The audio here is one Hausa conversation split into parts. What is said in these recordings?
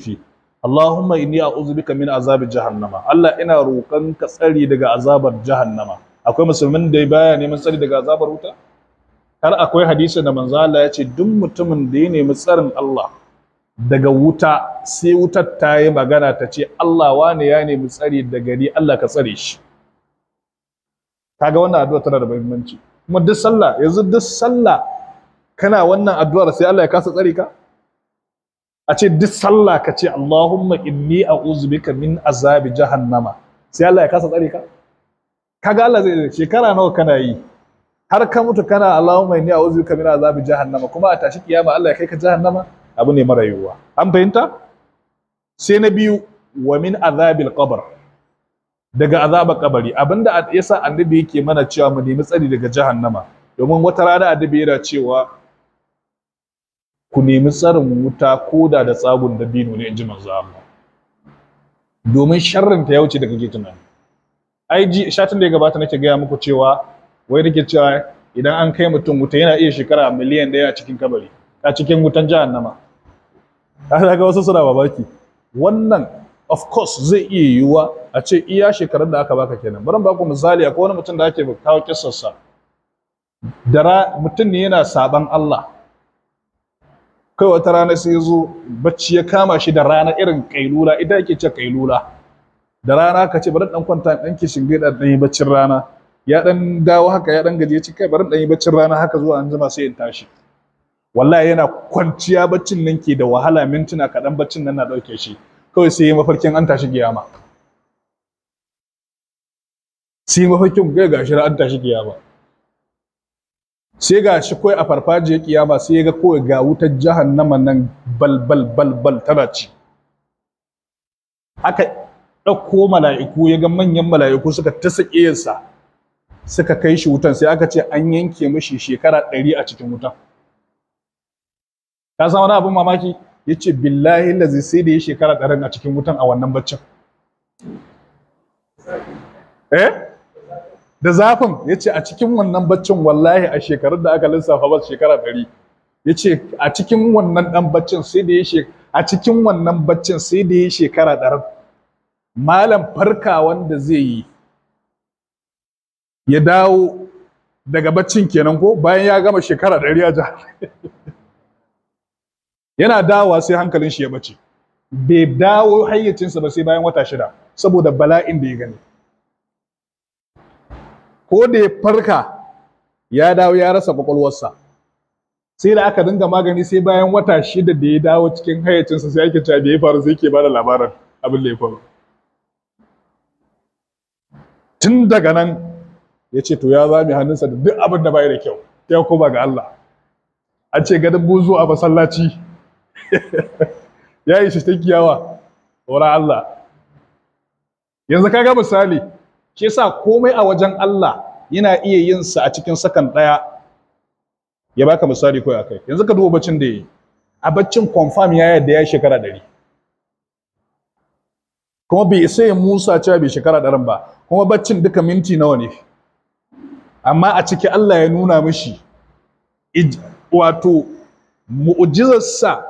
shi Allahumma inni a'udhu bika min azabi jahannama Allah ina roƙon ka tsari daga azabar jahannama akwai musulmin da baya neman tsari daga azabar wuta har akwai hadisi da manzo Allah ya ce duk mutumin da ya nemi tsarin Allah daga wuta sai wutar ta yi magana ta ce Allah wane ya nemi tsari daga ni Allah ka tsare shi kaga wannan addu'a tana da muhimmanci kuma duk sallah yanzu duk sallah kana wannan addu'ar sai Allah ya kasa tsare ka a ce duk sallah ka ce Allahumma inni a'udhu bika min azabi jahannama sai Allah ya kasa tsare ka kaga Allah zai shekara nawa kana yi har ka mutu kana Allahumma inni a bika min azabi jahannama kuma a tashi kiyama Allah ya kai ka jahannama abu ne mara yiwuwa an fahimta sai na biyu wa min azabil qabr daga azabar kabari abinda yasa annabi yake mana cewa mu nemi tsari daga jahannama domin wata rana annabi yana cewa ku nemi tsarin wuta ko da da tsagun dabino ne in ji manzo Allah domin sharrin ta ya wuce da kake tunani ai ji shatin da ya gabata nake gaya muku cewa wai nake cewa idan an kai mutum wuta yana iya shekara miliyan ɗaya a cikin kabari a cikin wutan jahannama ka ga wasu suna babaki wannan of course zai iya yiwuwa a ce iya shekarun da aka baka kenan bari ba ku misali akwai wani mutum da ake kawo kissarsa dara mutum ne yana saban Allah kai wata rana sai zo bacci ya kama shi da rana irin kailula idan yake ce kailula da rana ka ce bari dan kwanta dan ke shinge da dan yi baccin rana ya dan dawo haka ya dan gaje ce kai bari dan yi baccin rana haka zuwa an jima sai in tashi wallahi yana kwanciya baccin nan ke da wahala mintuna kaɗan baccin nan na ɗauke shi kawai sai yi mafarkin an tashi giyama sai mafarkin ga gashi an tashi giyama sai ga shi kawai a farfajiyar kiyama sai ya ga kawai ga wutar jahannama nan bal-bal-bal tana ci aka ɗauko mala'iku ya ga manyan mala'iku suka ta yansa suka kai shi wutan sai aka ce an yanke mishi shekara ɗari a cikin wutan ka san wani abin mamaki ya ce billahi lazi sai da ya shekara ɗarin a cikin wutan a wannan baccin eh da zafin ya ce a cikin wannan baccin wallahi a shekarun da aka lissafa ba shekara ɗari ya ce a cikin wannan ɗan baccin sai da ya a cikin wannan baccin sai da ya shekara ɗarin malam farka wanda zai yi ya dawo daga baccin kenan ko bayan ya gama shekara ɗari a jihar yana dawowa sai hankalin shi ya bace bai dawo hayyacinsa ba sai bayan wata shida saboda bala'in da ya gani ko da ya farka ya dawo ya rasa kwakwalwarsa sai da aka dinga magani sai bayan wata shida da ya dawo cikin hayyacinsa sai ake cewa da ya faru sai ke bada labarin abin da ya faru tun daga nan ya ce to ya zame hannunsa da duk abin da bai da kyau ya koma ga Allah a ce gadin buzu a masallaci ya yi shi ta kiyawa tsoron Allah yanzu kaga misali shi yasa komai a wajen Allah yana iya yin sa a cikin sakan ɗaya ya baka misali koyi akai yanzu ka duba baccin da yi. a baccin confirm ya yadda ya shekara ɗari kuma bai isa ya musa cewa bai shekara ɗarin ba kuma baccin duka minti nawa ne amma a ciki Allah ya nuna mishi wato mu'jizarsa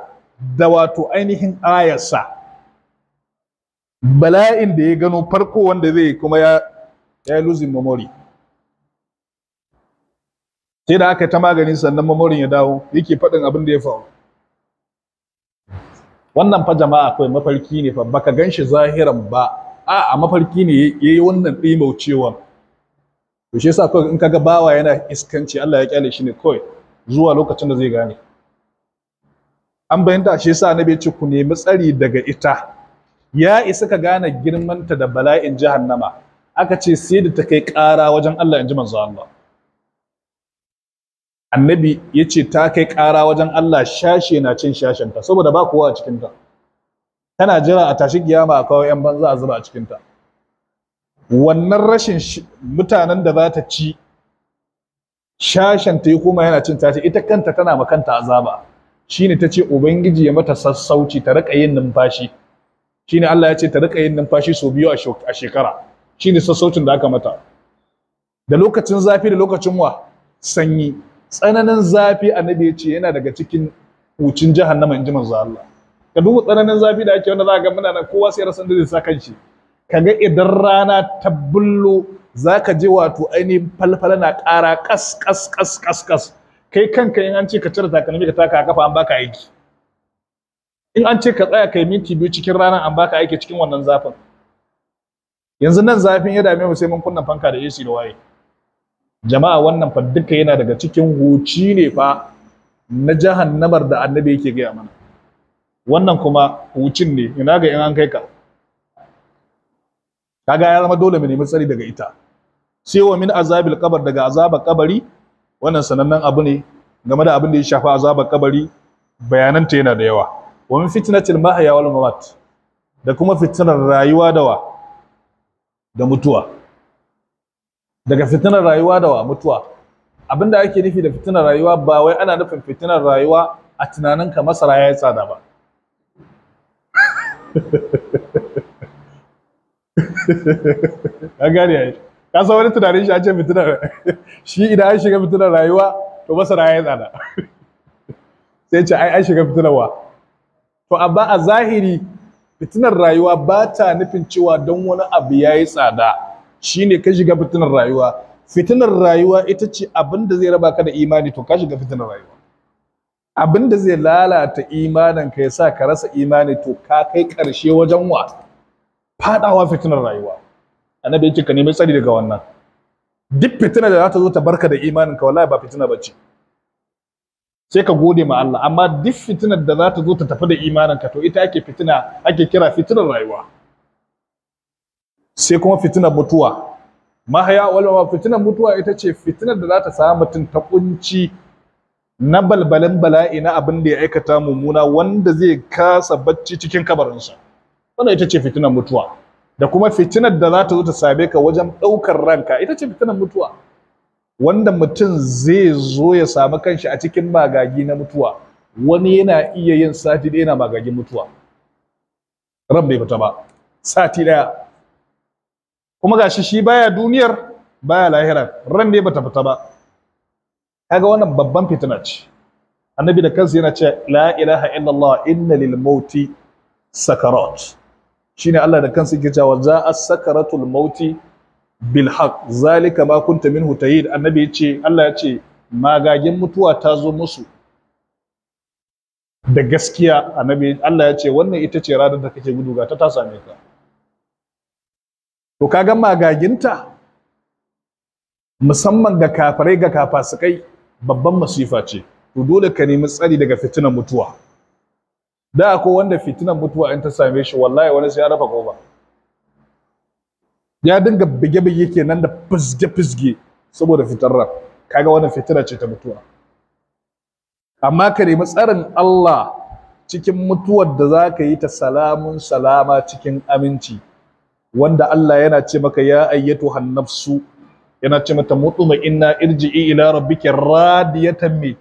da wato ainihin ayarsa bala'in da ya gano farko wanda zai kuma ya ya yi losing memory sai da aka ta maganin sannan memory ya dawo yake faɗin abin da ya faru wannan fa jama'a akwai mafarki ne fa baka ganshi zahiran ba a a mafarki ne yayi wannan ɗimaucewan to shi yasa kawai in kaga bawa yana iskanci Allah ya kyale shi ne kawai zuwa lokacin da zai gane an bayyanta shi yasa annabi ya ce ku nemi tsari daga ita ya isa ka gane girmanta da bala'in jahannama aka ce sai da ta kai ƙara wajen Allah in ji manzo Allah annabi ya ce ta kai ƙara wajen Allah shashe na cin shashenta saboda ba kowa a cikinta tana jira a tashi kiyama a kawo 'yan banza a zuba a cikinta wannan rashin mutanen da za ta ci shashenta ya koma yana cin tashi ita kanta tana makanta azaba shine ta ce ubangiji ya mata sassauci ta riƙa yin numfashi shine Allah ya ce ta riƙa yin numfashi sau biyu a shekara shine sassaucin da aka mata da lokacin zafi da lokacin wa sanyi tsananin zafi annabi ya ce yana daga cikin hucin jahannama inji manzo Allah ka duba tsananin zafi da ake wanda za ga muna nan kowa sai rasan da zai sa kanshi kaga idan rana ta bullo zaka je wato ainihin falfala na ƙara kas kas kas kas kas kai kanka in an ce ka cire takalmi ka taka kafa an baka aiki in an ce ka tsaya kai minti biyu cikin rana an baka aiki cikin wannan zafin yanzu nan zafin ya dame mu sai mun kunna fanka da AC da waye jama'a wannan fa duka yana daga cikin huci ne fa na jahannamar da annabi yake gaya mana wannan kuma hucin ne ina ga in an kai ka kaga ya zama dole mu nemi tsari daga ita sai wa min azabil qabr daga azabar kabari wannan sanannen abu ne game da abin da ya shafa azabar kabari bayananta yana da yawa wa min fitnatil mahya wal mawat da kuma fitnar rayuwa da wa da mutuwa daga fitinar rayuwa da wa mutuwa abinda ake nufi da fitinar rayuwa ba wai ana nufin fitinar rayuwa a tunaninka masara ya yi tsada ba ka gane yayi ka san wani tunanin shi a ce fitinar shi idan an shiga fitinar rayuwa to masara ya yi tsada sai ce ai an shiga fitinar wa to amma a zahiri fitinar rayuwa ba ta nufin cewa don wani abu ya yi tsada Shi ne ka shiga fitinar rayuwa fitinar rayuwa ita ce abin da zai raba ka da imani to ka shiga fitinar rayuwa abin da zai lalata imanin ka ya sa ka rasa imani to ka kai karshe wajen wa fadawa fitinar rayuwa annabi yake ka nemi tsari daga wannan duk fitina da za ta zo ta barka da imanin ka wallahi ba fitina bace sai ka gode ma Allah amma duk fitinar da za ta zo ta tafi da imanin ka to ita ake fitina ake kira fitinar rayuwa sai kuma fitinar mutuwa mahaya wal fitinar mutuwa ita ce fitinar da za ta samu mutum ta kunci na balbalan bala'i na abin da ya aikata mummuna wanda zai kasa bacci cikin kabarinsa wannan ita ce fitinar mutuwa da kuma fitinar da za ta zo ta same ka wajen ɗaukar ranka ita ce fitinar mutuwa wanda mutum zai zo ya samu kanshi a cikin magagi na mutuwa wani yana iya yin sati ɗaya yana magagin mutuwa ran bai fita ba sati ɗaya kuma gashi shi baya duniyar baya lahirar ran ne bata fita ba kaga wannan babban fitina ce annabi da kansa yana ce, la ilaha illallah inna lil mauti sakarat shine Allah da kansa yake cewa za as sakaratul mauti bilhaq zalika ma kunta minhu tahid annabi yace Allah yace magagin mutuwa ta zo musu da gaskiya annabi Allah yace wannan ita ce ranar da kake gudu ga ta ta same ka to kaga magaginta musamman ga kafirai ga kafasukai babban masifa ce to dole ka nemi tsari daga fitinan mutuwa da akwai wanda fitinan mutuwa in ta same shi wallahi wani sai ya rafa kofa ya dinga bige-bige kenan da fizge-fizge saboda fitar ran kaga wannan fitira ce ta mutuwa amma ka nemi tsarin Allah cikin mutuwar da za ka yi ta salamun salama cikin aminci wanda Allah yana ce maka ya ayyatu hannafsu yana ce mata mutuma inna irji'i ila rabbiki radiyatan mi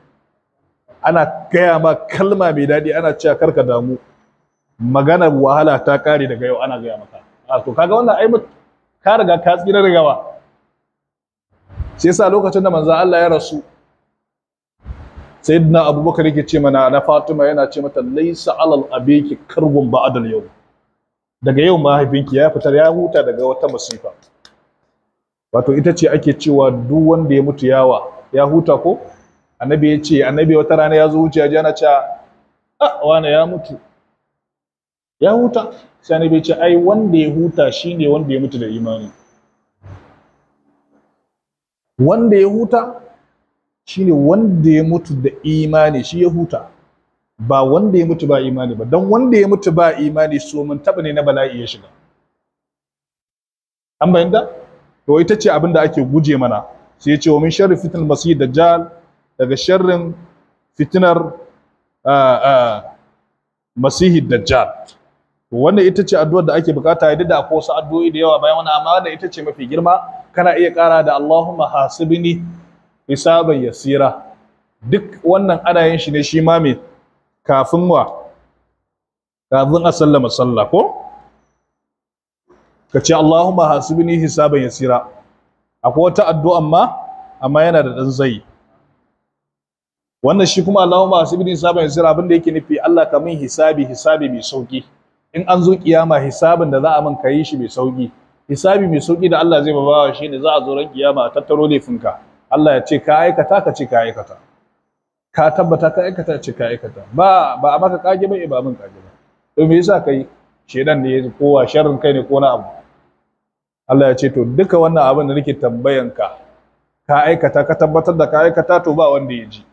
ana gaya ma kalma mai daɗi ana cewa karka damu maganar wahala ta kare daga yau ana gaya maka ah, to kaga wannan ai ka riga ka tsira daga ba sai yasa lokacin da manzo Allah ya rasu sayyidina abubakar yake ce mana na fatima yana ce mata laysa alal abiki karbun ba'dal yau daga yau mahaifinki ya fitar ya huta daga wata masifa wato ita ce ake cewa duk wanda ya mutu yawa ya huta ko annabi ya ce annabi wata rana ya zo wuce ya ji cewa ah wane ya mutu ya huta sai annabi ya ce ai wanda ya huta shine wanda ya mutu da imani wanda ya huta shine wanda ya mutu da imani shi ya huta ba wanda ya mutu ba imani ba don wanda ya mutu ba imani so mun taba ne na bala'i ya shiga an bayyana to ita ce abin da ake guje mana sai ya ce wa min sharri fitnal masih dajjal daga sharrin fitinar ah, ah, masihi dajjal wannan ita ce addu'ar da ake bukata ya da akwai wasu addu'o'i da yawa bayan wannan amma wannan ita ce mafi girma kana iya ƙara da Allahumma hasibni hisaban yasira duk wannan yin shi ne shi ma me kafin wa kafin a sallama sallah ko ka ce Allahumma hasibni hisaban yasira akwai wata addu'a amma amma yana da dan zai wannan shi kuma Allahumma hasibni hisaban yasira abin da yake nufi Allah ka min hisabi hisabi mai sauki in an zo kiyama hisabin da za a man yi shi mai sauki hisabi mai sauki da Allah zai babawa ne za a zo ran kiyama tattaro laifinka Allah ya ce ka aikata ka ce ka aikata ka tabbata ka aikata ce ka aikata ba ba a maka kage ba eh, ba min kage ba to me yasa kai shedan ne kowa sharrin kai ne ko na abu Allah ya ce to duka wannan abin da nake tambayan ka ka aikata ka tabbatar da ka aikata to ba wanda ya ji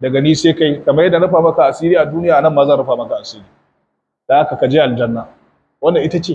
daga ni sai kai kamar yadda rufa maka asiri a duniya nan ma zan rufa maka asiri da aka ka aljanna wannan ita ce